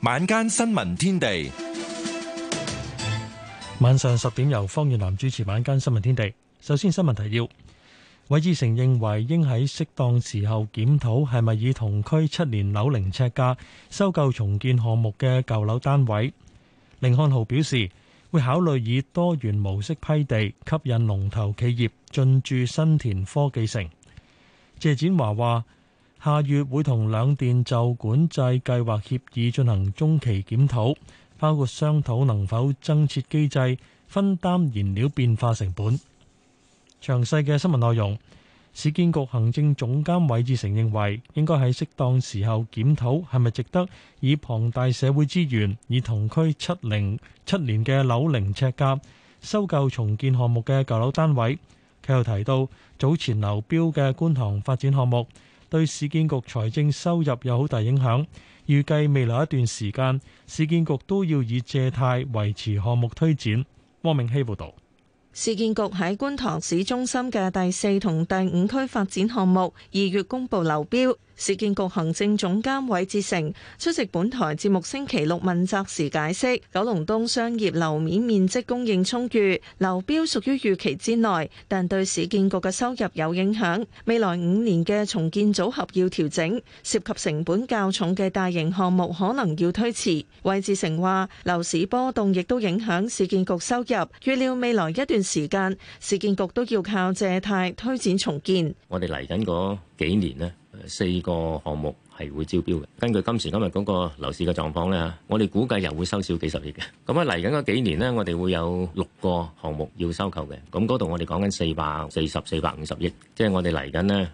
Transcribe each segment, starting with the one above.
晚間新聞天地，晚上十點由方月南主持晚間新聞天地。首先新聞提要，韋志成認為應喺適當時候檢討係咪以同區七年樓齡尺價收購重建項目嘅舊樓單位。凌漢豪表示會考慮以多元模式批地，吸引龍頭企業進駐新田科技城。謝展華話。下月會同兩電就管制計劃協議進行中期檢討，包括商討能否增設機制分擔燃料變化成本。詳細嘅新聞內容，市建局行政總監韋志成認為應該喺適當時候檢討，係咪值得以龐大社會資源，以同區七零七年嘅樓齡尺甲收購重建項目嘅舊樓單位。佢又提到早前流標嘅觀塘發展項目。對市建局財政收入有好大影響，預計未來一段時間市建局都要以借貸維持項目推展。汪明熙報導，市建局喺觀塘市中心嘅第四同第五區發展項目，二月公布流標。市建局行政總監韋志成出席本台節目《星期六問責》時解釋，九龍東商業樓面面積供應充裕，樓標屬於預期之內，但對市建局嘅收入有影響。未來五年嘅重建組合要調整，涉及成本較重嘅大型項目可能要推遲。韋志成話，樓市波動亦都影響市建局收入，預料未來一段時間市建局都要靠借貸推展重建。我哋嚟緊嗰幾年呢四個項目，係會招標嘅。根據今時今日嗰個樓市嘅狀況咧，我哋估計又會收少幾十億嘅。咁啊嚟緊嗰幾年呢，我哋會有六個項目要收購嘅。咁嗰度我哋講緊四百四十四百五十億，即係我哋嚟緊呢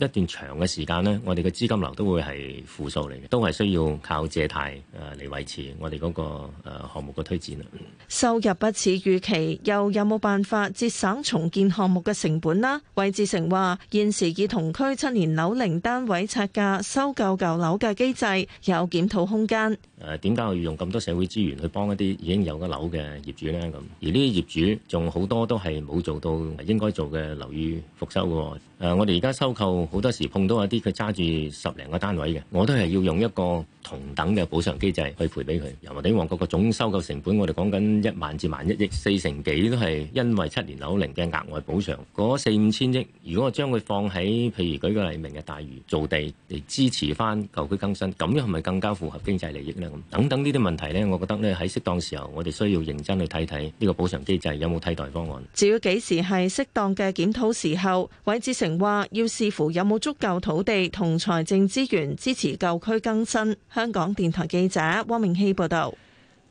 誒一段長嘅時間呢，我哋嘅資金流都會係負數嚟嘅，都係需要靠借貸誒嚟維持我哋嗰個誒項目嘅推展啦。收入不似預期，又有冇辦法節省重建項目嘅成本啦？韋志成話：現時以同區七年樓齡單位拆價。收購舊樓嘅機制有檢討空間。誒，點解我要用咁多社會資源去幫一啲已經有咗樓嘅業主咧？咁而呢啲業主仲好多都係冇做到應該做嘅樓宇復修嘅。誒，我哋而家收購好多時碰到一啲佢揸住十零個單位嘅，我都係要用一個同等嘅補償機制去賠俾佢。由我哋旺角嘅總收購成本，我哋講緊一萬至萬一億，四成幾都係因為七年樓齡嘅額外補償。嗰四五千億，如果我將佢放喺，譬如舉個例明日大嶼造地嚟支持翻舊區更新，咁樣係咪更加符合經濟利益呢？咁等等呢啲問題呢，我覺得呢喺適當時候，我哋需要認真去睇睇呢個補償機制有冇替代方案。至於幾時係適當嘅檢討時候，韋志成話要視乎有冇足夠土地同財政資源支持舊區更新。香港電台記者汪明希報道。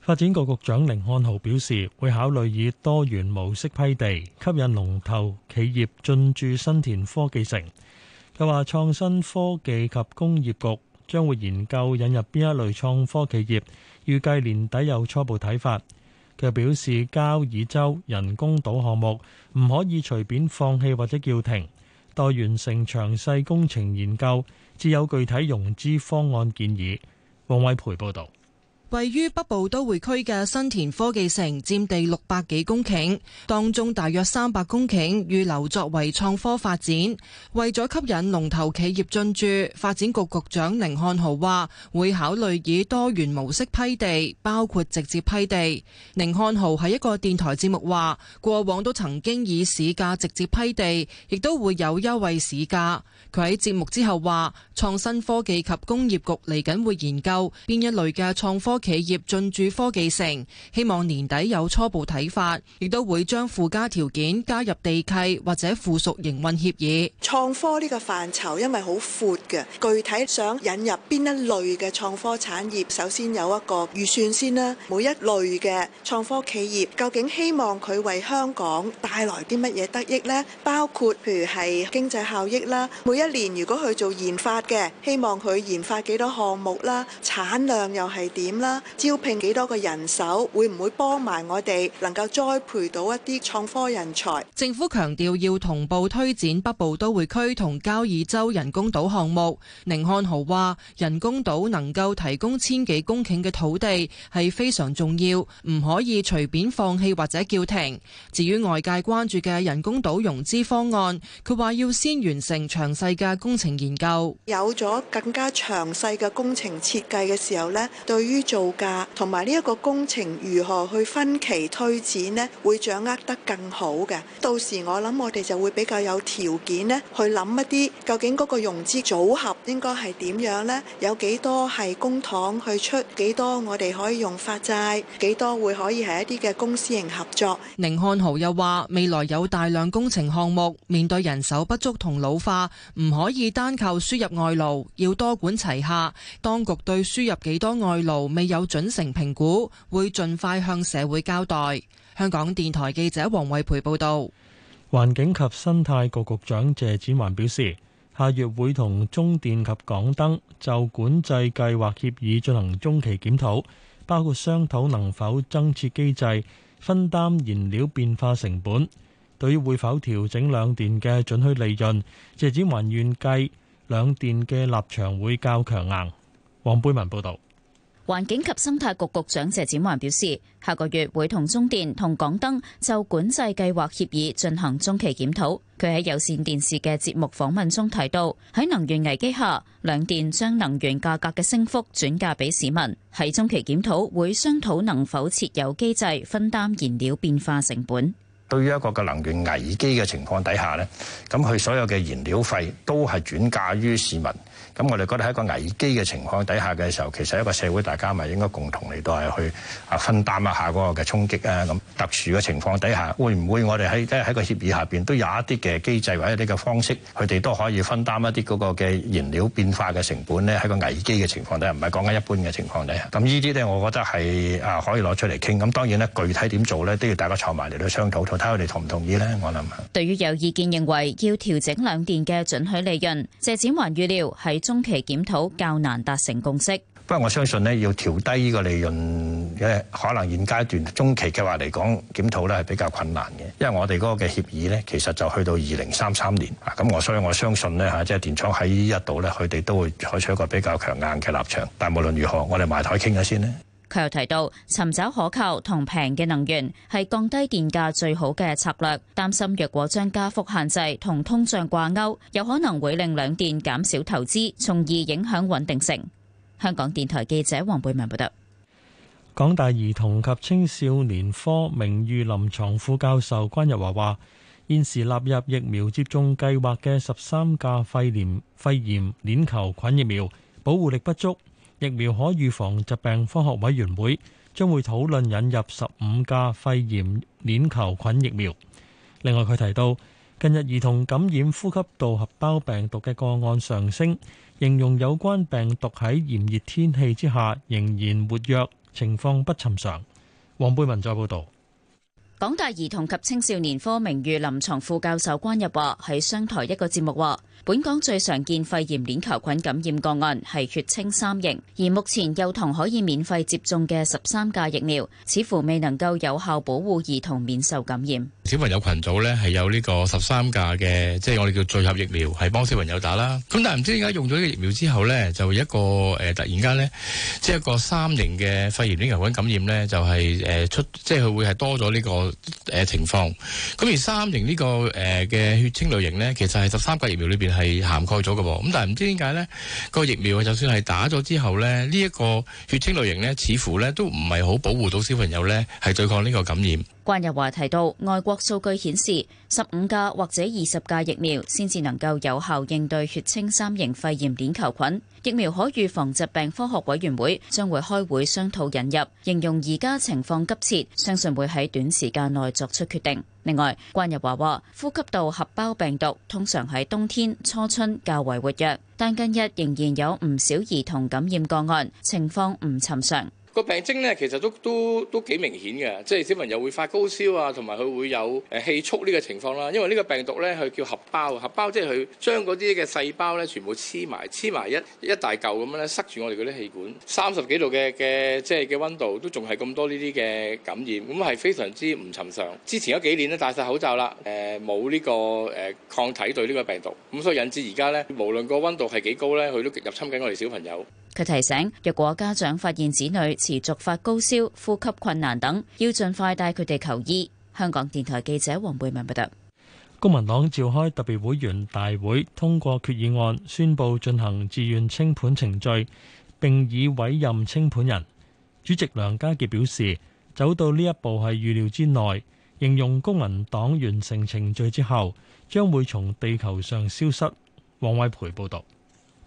發展局局長甯漢豪表示，會考慮以多元模式批地，吸引龍頭企業進駐新田科技城。佢話創新科技及工業局將會研究引入邊一類創科企業，預計年底有初步睇法。佢表示，交椅洲人工島項目唔可以隨便放棄或者叫停，待完成詳細工程研究，至有具體融資方案建議。王偉培報導。位於北部都會區嘅新田科技城，佔地六百幾公頃，當中大約三百公頃，預留作為創科發展。為咗吸引龍頭企業進駐，發展局局長甯漢豪話會考慮以多元模式批地，包括直接批地。甯漢豪喺一個電台節目話，過往都曾經以市價直接批地，亦都會有優惠市價。佢喺節目之後話，創新科技及工業局嚟緊會研究邊一類嘅創科企業進駐科技城，希望年底有初步睇法，亦都會將附加條件加入地契或者附屬營運協議。創科呢個範疇因為好闊嘅，具體想引入邊一類嘅創科產業，首先有一個預算先啦。每一類嘅創科企業究竟希望佢為香港帶來啲乜嘢得益呢？包括譬如係經濟效益啦，每一一年如果去做研發嘅，希望佢研發幾多項目啦，產量又係點啦，招聘幾多個人手，會唔會幫埋我哋能夠栽培到一啲創科人才？政府強調要同步推展北部都會區同交椅洲人工島項目。寧漢豪話：人工島能夠提供千幾公頃嘅土地，係非常重要，唔可以隨便放棄或者叫停。至於外界關注嘅人工島融資方案，佢話要先完成詳細。嘅工程研究有咗更加詳細嘅工程設計嘅時候呢，對於造價同埋呢一個工程如何去分期推展呢，會掌握得更好嘅。到時我諗我哋就會比較有條件呢，去諗一啲究竟嗰個融資組合應該係點樣呢？有幾多係公帑去出？幾多我哋可以用發債？幾多會可以係一啲嘅公司型合作？寧漢豪又話：未來有大量工程項目，面對人手不足同老化。唔可以單靠輸入外勞，要多管齊下。當局對輸入幾多外勞未有準成評估，會盡快向社會交代。香港電台記者黃惠培報道。環境及生態局局長謝展寰表示，下月會同中電及港燈就管制計劃協議進行中期檢討，包括商討能否增設機制，分擔燃料變化成本。對於會否調整兩電嘅準許利潤，謝展寰願計兩電嘅立場會較強硬。黃貝文報導。環境及生態局局長謝展寰表示，下個月會同中電同港燈就管制計劃協議進行中期檢討。佢喺有線電視嘅節目訪問中提到，喺能源危機下，兩電將能源價格嘅升幅轉嫁俾市民。喺中期檢討會商討能否設有機制，分擔燃料變化成本。對於一個嘅能源危機嘅情況底下咧，咁佢所有嘅燃料費都係轉嫁於市民。咁我哋覺得喺個危機嘅情況底下嘅時候，其實一個社會大家咪應該共同嚟到係去分擔一下嗰個嘅衝擊啊！咁特殊嘅情況底下，會唔會我哋喺即喺個協議下邊都有一啲嘅機制或者一啲嘅方式，佢哋都可以分擔一啲嗰個嘅燃料變化嘅成本咧？喺個危機嘅情況底下，唔係講緊一般嘅情況底下。咁呢啲咧，我覺得係啊，可以攞出嚟傾。咁當然咧，具體點做咧，都要大家坐埋嚟到商討，睇下佢哋同唔同意咧。我諗對於有意見認為要調整兩電嘅准許利潤，謝展寰預料係。中期檢討較難達成共識，不過我相信咧，要調低呢個利潤嘅可能，現階段中期計劃嚟講檢討咧係比較困難嘅，因為我哋嗰個嘅協議咧，其實就去到二零三三年啊，咁我所以我相信咧嚇，即係電廠喺呢一度咧，佢哋都會採取一個比較強硬嘅立場，但係無論如何，我哋埋台傾下先咧。佢又提到，尋找可靠同平嘅能源係降低電價最好嘅策略。擔心若果將加幅限制同通脹掛鈎，有可能會令兩電減少投資，從而影響穩定性。香港電台記者黃貝文報道。港大兒童及青少年科名譽臨牀副教授關日華話：現時納入疫苗接種計劃嘅十三價肺炎肺炎鏈球菌疫苗保護力不足。疫苗可預防疾病科學委員會將會討論引入十五價肺炎鏈球菌疫苗。另外，佢提到近日兒童感染呼吸道合胞病毒嘅個案上升，形容有關病毒喺炎熱天氣之下仍然活躍，情況不尋常。黃貝文再報道，港大兒童及青少年科名譽臨牀副教授關日華喺商台一個節目話。本港最常見肺炎鏈球菌感染個案係血清三型，而目前幼童可以免費接種嘅十三價疫苗，似乎未能夠有效保護兒童免受感染。小朋友群組呢，係有呢個十三價嘅，即係我哋叫聚合疫苗，係幫小朋友打啦。咁但係唔知點解用咗呢個疫苗之後呢，就一個誒突然間呢，即係一個三型嘅肺炎鏈球菌感染呢，就係誒出即係佢會係多咗呢個誒情況。咁而三型呢個誒嘅血清類型呢，其實係十三價疫苗裏邊係涵蓋咗嘅，咁但係唔知點解呢、呢個疫苗就算係打咗之後咧，呢、呢、一個血清類型似乎都唔係好保護到小朋友呢係對抗呢個感染。關日華提到，外國數據顯示，十五價或者二十價疫苗先至能夠有效應對血清三型肺炎鏈球菌。疫苗可預防疾病科學委員會將會開會商討引入，形容而家情況急切，相信會喺短時間內作出決定。另外，關日華話：呼吸道合胞病毒通常喺冬天初春較為活躍，但近日仍然有唔少兒童感染個案，情況唔尋常。個病徵咧，其實都都都幾明顯嘅，即係小朋友會發高燒啊，同埋佢會有誒氣促呢個情況啦。因為呢個病毒咧佢叫合胞，合胞即係佢將嗰啲嘅細胞咧全部黐埋，黐埋一一大嚿咁樣咧塞住我哋嗰啲氣管。三十幾度嘅嘅即係嘅溫度都仲係咁多呢啲嘅感染，咁係非常之唔尋常。之前有幾年咧戴晒口罩啦，誒冇呢個誒抗體對呢個病毒，咁所以引致而家咧，無論個溫度係幾高咧，佢都入侵緊我哋小朋友。佢提醒，若果家長發現子女持續發高燒、呼吸困難等，要盡快帶佢哋求醫。香港電台記者黃貝文報道。公民黨召開特別會員大會，通過決議案，宣布進行自願清盤程序並以委任清盤人。主席梁家傑表示，走到呢一步係預料之內。形容公民黨完成程序之後，將會從地球上消失。黃偉培報道。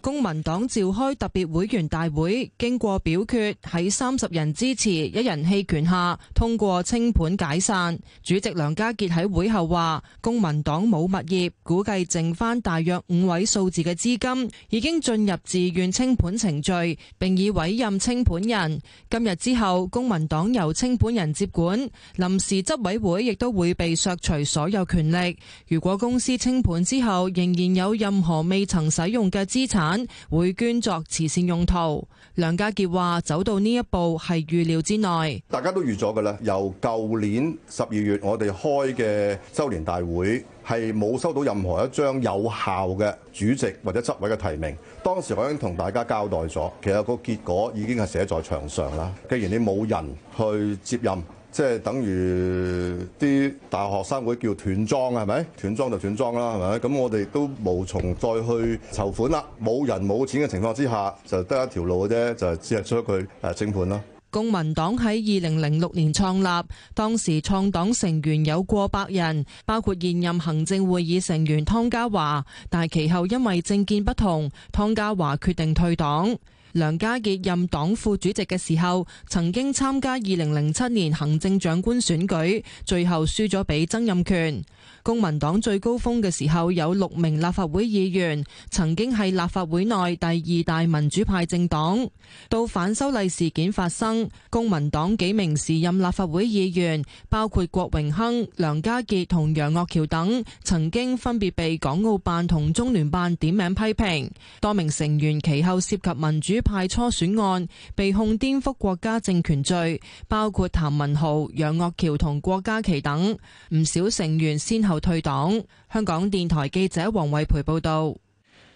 公民黨召開特別會員大會，經過表決，喺三十人支持、一人棄權下，通過清盤解散。主席梁家傑喺會後話：公民黨冇物業，估計剩返大約五位數字嘅資金，已經進入自願清盤程序，並已委任清盤人。今日之後，公民黨由清盤人接管，臨時執委會亦都會被削除所有權力。如果公司清盤之後仍然有任何未曾使用嘅資產，會捐作慈善用途。梁家傑話，走到呢一步係預料之內，大家都預咗噶啦。由舊年十二月我哋開嘅周年大會，係冇收到任何一張有效嘅主席或者執委嘅提名。當時我已經同大家交代咗，其實個結果已經係寫在牆上啦。既然你冇人去接任，即係等於啲大學生會叫斷莊啊，係咪？斷莊就斷莊啦，係咪？咁我哋都無從再去籌款啦，冇人冇錢嘅情況之下，就得一條路嘅啫，就係只係出佢誒清盤啦。公民黨喺二零零六年創立，當時創黨成員有過百人，包括現任行政會議成員湯家驊，但係其後因為政見不同，湯家驊決定退黨。梁家傑任黨副主席嘅時候，曾經參加二零零七年行政長官選舉，最後輸咗俾曾蔭權。公民黨最高峰嘅時候有六名立法會議員，曾經係立法會內第二大民主派政黨。到反修例事件發生，公民黨幾名時任立法會議員，包括郭榮鏗、梁家傑同楊岳橋等，曾經分別被港澳辦同中聯辦點名批評。多名成員其後涉及民主派初選案被控顛覆國家政權罪，包括譚文豪、楊岳橋同郭家麒等，唔少成員先後退黨。香港電台記者黃惠培報道。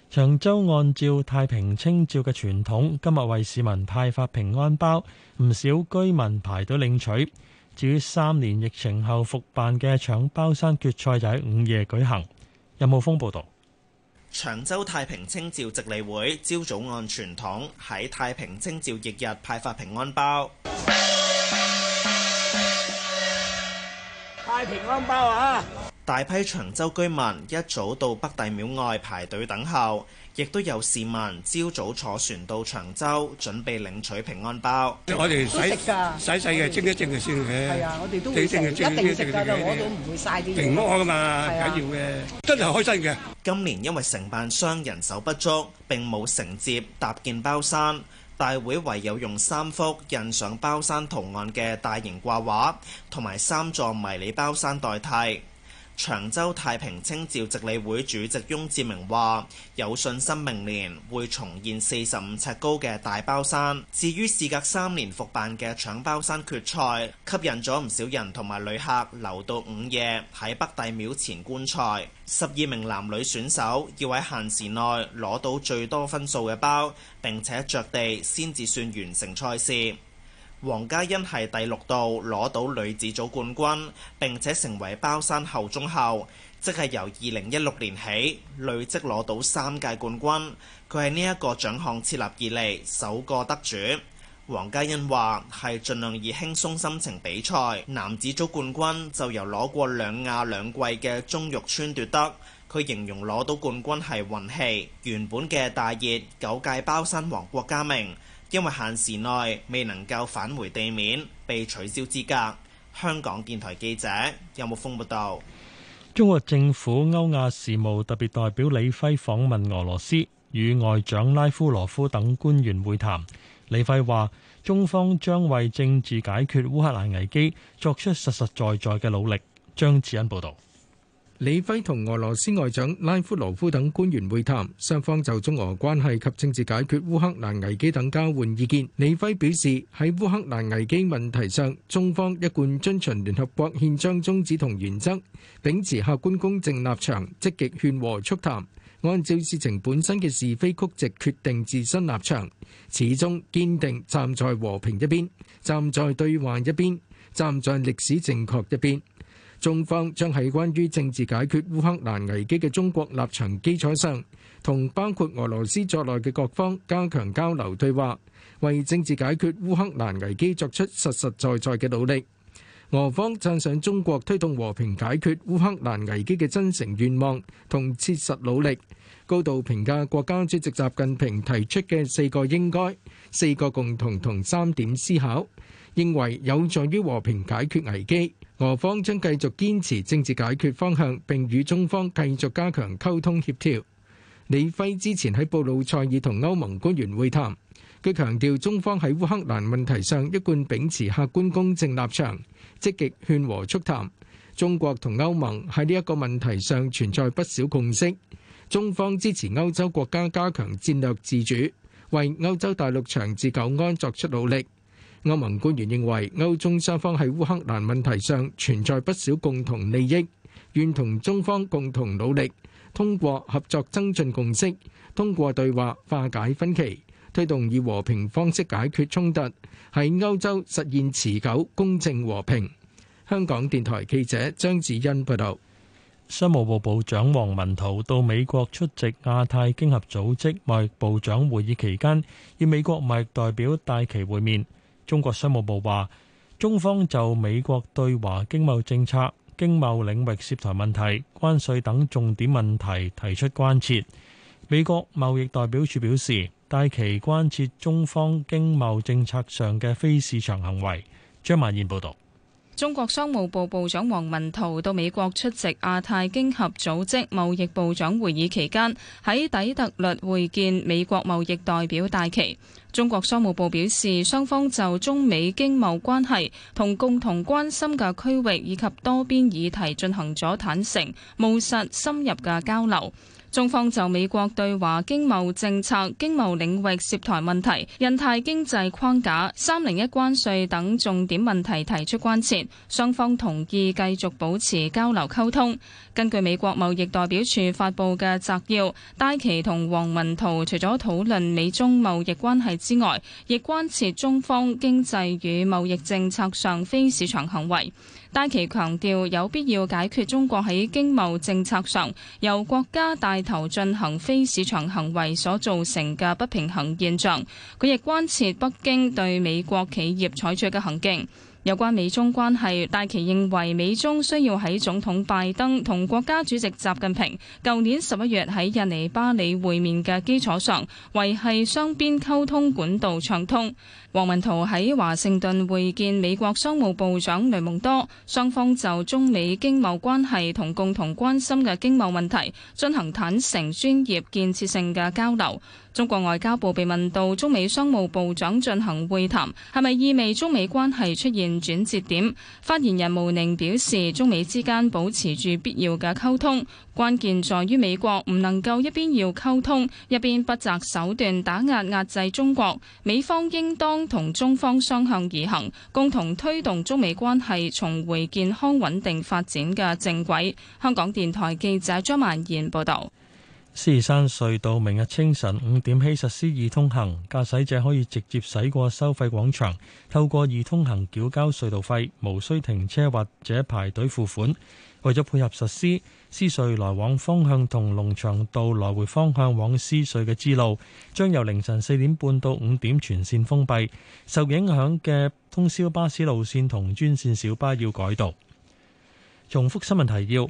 長洲按照太平清醮嘅傳統，今日為市民派發平安包，唔少居民排隊領取。至於三年疫情後復辦嘅搶包山決賽，就喺午夜舉行。任浩峰報道。長洲太平清醮值理會朝早按傳統喺太平清醮翌日，日派發平安包。平安包啊！大批長洲居民一早到北帝廟外排隊等候，亦都有市民朝早坐船到長洲準備領取平安包。我哋食噶，洗洗嘅蒸一蒸嘅先。係啊，我哋都會一定食噶，攞到唔會晒啲平安噶嘛，緊要嘅，真係開心嘅。今年因為承辦商人手不足，並冇承接搭建包山。大會唯有用三幅印上包山圖案嘅大型掛畫，同埋三座迷你包山代替。長洲太平清醮值理會主席翁志明話：有信心明年會重現四十五尺高嘅大包山。至於事隔三年復辦嘅搶包山決賽，吸引咗唔少人同埋旅客留到午夜喺北帝廟前觀賽。十二名男女選手要喺限時內攞到最多分數嘅包，並且着地先至算完成賽事。王嘉欣係第六度攞到女子組冠軍，並且成為包山后中后，即係由二零一六年起累積攞到三屆冠軍。佢係呢一個獎項設立以嚟首個得主。王嘉欣話，係盡量以輕鬆心情比賽。男子組冠軍就由攞過兩亞兩季嘅鍾玉川奪得。佢形容攞到冠軍係運氣。原本嘅大熱，九屆包山王郭嘉明，因為限時內未能夠返回地面，被取消資格。香港電台記者有木峯報道，中國政府歐亞事務特別代表李輝訪問俄羅斯，與外長拉夫羅夫等官員會談。李輝話：中方將為政治解決烏克蘭危機作出實實在在嘅努力。張智恩報道。李輝同俄羅斯外長拉夫羅夫等官員會談，雙方就中俄關係及政治解決烏克蘭危機等交換意見。李輝表示，喺烏克蘭危機問題上，中方一貫遵循聯合國憲章宗旨同原則，秉持客觀公正立場，積極勸和促談，按照事情本身嘅是非曲直決定自身立場，始終堅定站在和平一邊，站在對話一邊，站在歷史正確一邊。中方將喺關於政治解決烏克蘭危機嘅中國立場基礎上，同包括俄羅斯在內嘅各方加強交流對話，為政治解決烏克蘭危機作出實實在在嘅努力。俄方讚賞中國推動和平解決烏克蘭危機嘅真誠願望同切實努力，高度評價國家主席習近平提出嘅四個應該、四個共同同三點思考，認為有助於和平解決危機。俄方將繼續堅持政治解決方向，並與中方繼續加強溝通協調。李輝之前喺布魯塞爾同歐盟官員會談，佢強調中方喺烏克蘭問題上一貫秉持客觀公正立場，積極勸和促談。中國同歐盟喺呢一個問題上存在不少共識，中方支持歐洲國家加強戰略自主，為歐洲大陸長治久安作出努力。歐盟官員認為，歐中雙方喺烏克蘭問題上存在不少共同利益，願同中方共同努力，通過合作增進共識，通過對話化解分歧，推動以和平方式解決衝突，喺歐洲實現持久公正和平。香港電台記者張智欣報道。商務部部長王文濤到美國出席亞太經合組織貿易部長會議期間，與美國貿易代表戴琪會面。中國商務部話，中方就美國對華經貿政策、經貿領域涉台問題、關稅等重點問題提出關切。美國貿易代表處表示，戴琪關切中方經貿政策上嘅非市場行為。張曼燕報道。中國商務部部長王文濤到美國出席亞太經合組織貿易部長會議期間，喺底特律會見美國貿易代表戴琪。中國商務部表示，雙方就中美經貿關係同共同關心嘅區域以及多邊議題進行咗坦誠、務實深入嘅交流。中方就美國對華經貿政策、經貿領域涉台問題、印太經濟框架、三零一關稅等重點問題提出關切，雙方同意繼續保持交流溝通。根據美國貿易代表處發布嘅摘要，戴琪同黃文濤除咗討論美中貿易關係之外，亦關切中方經濟與貿易政策上非市場行為。戴奇強調有必要解決中國喺經貿政策上由國家帶頭進行非市場行為所造成嘅不平衡現象。佢亦關切北京對美國企業採取嘅行徑。有關美中關係，戴琪認為美中需要喺總統拜登同國家主席習近平舊年十一月喺印尼巴厘會面嘅基礎上，維繫雙邊溝通管道暢通。王文濤喺華盛頓會見美國商務部長雷蒙多，雙方就中美經貿關係同共同關心嘅經貿問題進行坦誠、專業、建設性嘅交流。中國外交部被問到中美商務部長進行會談係咪意味中美關係出現轉折點？發言人毛寧表示，中美之間保持住必要嘅溝通，關鍵在於美國唔能夠一邊要溝通，一邊不擇手段打壓壓制中國。美方應當同中方雙向而行，共同推動中美關係重回健康穩定發展嘅正軌。香港電台記者張曼賢報道。獅子山隧道明日清晨五點起實施易通行，駕駛者可以直接駛過收費廣場，透過易通行繳交隧道費，無需停車或者排隊付款。為咗配合實施，獅隧來往方向同龍翔道來回方向往獅隧嘅支路，將由凌晨四點半到五點全線封閉。受影響嘅通宵巴士路線同專線小巴要改道。重複新聞提要。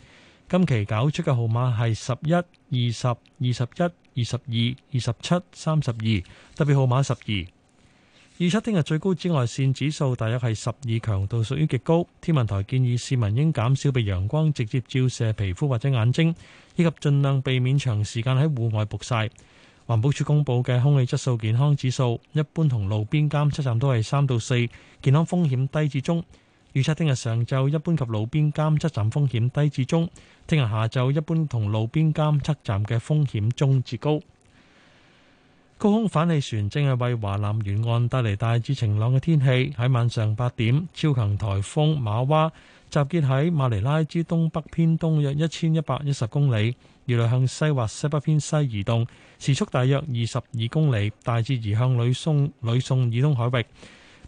今期搞出嘅號碼係十一、二十、二十一、二十二、二十七、三十二，特別號碼十二。預測聽日最高紫外線指數大約係十二，強度屬於極高。天文台建議市民應減少被陽光直接照射皮膚或者眼睛，以及盡量避免長時間喺戶外曝晒。環保署公布嘅空氣質素健康指數，一般同路邊監測站都係三到四，健康風險低至中。預測聽日上晝一般及路邊監測站風險低至中，聽日下晝一般同路邊監測站嘅風險中至高。高空反氣旋正係為華南沿岸帶嚟大致晴朗嘅天氣。喺晚上八點，超強颱風馬娃集結喺馬尼拉之東北偏東約一千一百一十公里，預料向西或西北偏西移動，時速大約二十二公里，大致移向呂宋呂宋以東海域。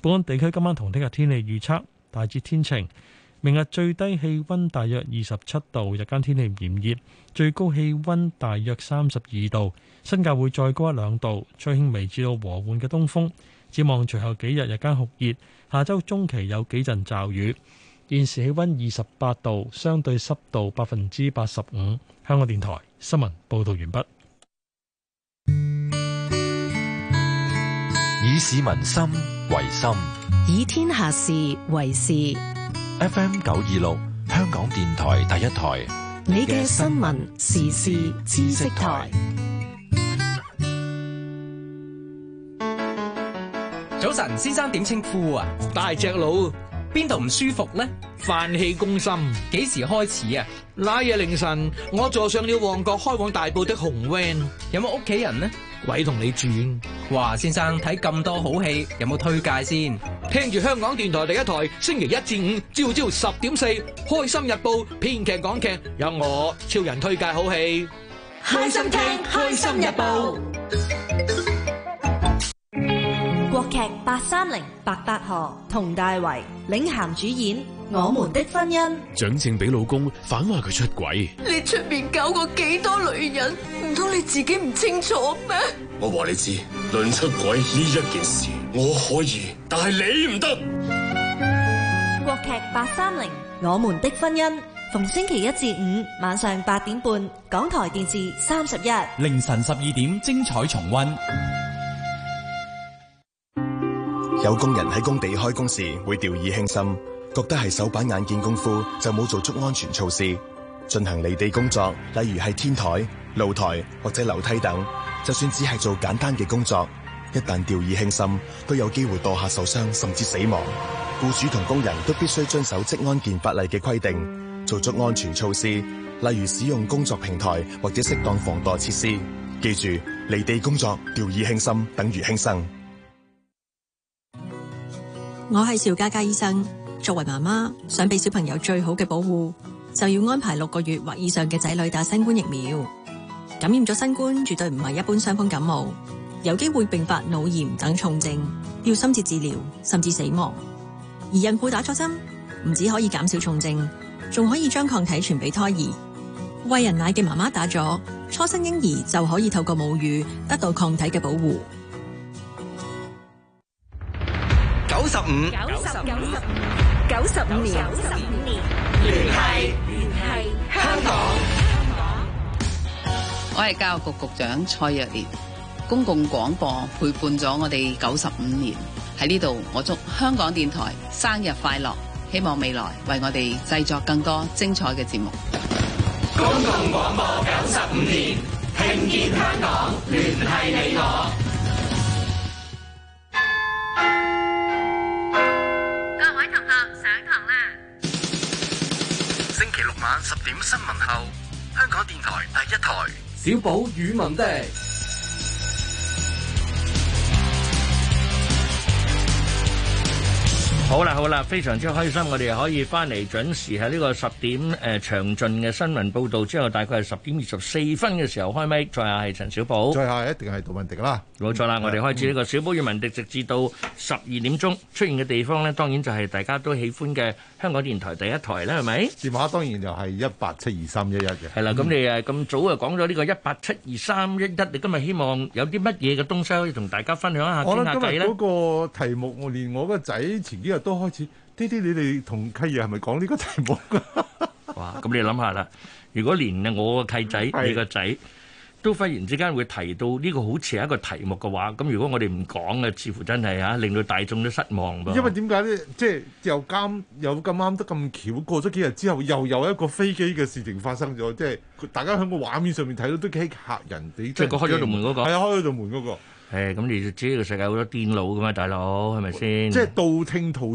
本港地區今晚同聽日天氣預測。大致天晴，明日最低氣温大約二十七度，日間天氣炎熱，最高氣温大約三十二度，新界會再高一兩度，吹輕微至到和緩嘅東風，展望隨後幾日日間酷熱，下周中期有幾陣驟雨，現時氣温二十八度，相對濕度百分之八十五，香港電台新聞報道完畢，以市民心為心。以天下事為事。F. M. 九二六香港電台第一台，你嘅新聞時事知識台。識台早晨，先生點稱呼啊？大隻佬，邊度唔舒服咧？飯氣攻心，幾時開始啊？那夜凌晨，我坐上了旺角開往大埔的紅 van，有冇屋企人呢？鬼同你轉？哇！先生睇咁多好戲，有冇推介先？聽住香港電台第一台，星期一至五朝朝十點四，開心日報編劇講劇，有我超人推介好戲，開心聽開心日報。國劇八三零白百何、佟大為領銜主演《我們的婚姻》，掌聲俾老公，反話佢出軌。你出面搞過幾多女人？唔通你自己唔清楚咩？我話你知，論出軌呢一件事，我可以，但係你唔得。國劇八三零我們的婚姻，逢星期一至五晚上八點半，港台電視三十一，凌晨十二點精彩重溫。有工人喺工地開工時會掉以輕心，覺得係手板眼見功夫，就冇做足安全措施。進行離地工作，例如喺天台、露台或者樓梯等，就算只係做簡單嘅工作，一旦掉以輕心，都有機會墮下受傷甚至死亡。僱主同工人都必須遵守職安健法例嘅規定，做足安全措施，例如使用工作平台或者適當防墮設施。記住，離地工作掉以輕心等於輕生。我係邵嘉嘉醫生，作為媽媽，想俾小朋友最好嘅保護。就要安排六個月或以上嘅仔女打新冠疫苗。感染咗新冠，絕對唔係一般傷風感冒，有機會併發腦炎等重症，要深切治療甚至死亡。而孕婦打咗針，唔只可以減少重症，仲可以將抗體傳俾胎兒。喂人奶嘅媽媽打咗，初生嬰兒就可以透過母乳得到抗體嘅保護。九十五，九十五，九十五年。95 年 聯繫聯繫香港，香港，我係教育局局長蔡若蓮。公共廣播陪伴咗我哋九十五年，喺呢度我祝香港電台生日快樂，希望未來為我哋製作更多精彩嘅節目。公共廣播九十五年，聽見香港，聯繫你我。點新聞後，香港電台第一台，小寶語文的。好啦好啦，非常之開心，我哋可以翻嚟準時喺呢個十點誒詳盡嘅新聞報導之後，大概係十點二十四分嘅時候開咪，再下係陳小寶，再下一定係杜文迪啦。冇錯啦，我哋開始呢個小寶與文迪，直至到十二點鐘、嗯嗯、出現嘅地方呢，當然就係大家都喜歡嘅香港電台第一台啦係咪？電話當然就係一八七二三一一嘅。係啦，咁、嗯、你咁早就講咗呢個一八七二三一一，你今日希望有啲乜嘢嘅東西可以同大家分享一下傾下我今日嗰個題目，我連我個仔前幾日。都開始，爹哋你哋同契爺係咪講呢個題目啊？ 哇！咁你諗下啦，如果連我契仔、是你個仔都忽然之間會提到呢、這個，好似係一個題目嘅話，咁如果我哋唔講嘅，似乎真係嚇、啊、令到大眾都失望噃。因為點解咧？即係又啱，又咁啱得咁巧，過咗幾日之後，又有一個飛機嘅事情發生咗，即、就、係、是、大家喺個畫面上面睇到都幾嚇人。你即係個開咗道門嗰、那個，係啊，開咗道門嗰、那個。誒、哎，咁你就知呢個世界好多癲佬嘅嘛，大佬係咪先？即係道聽途。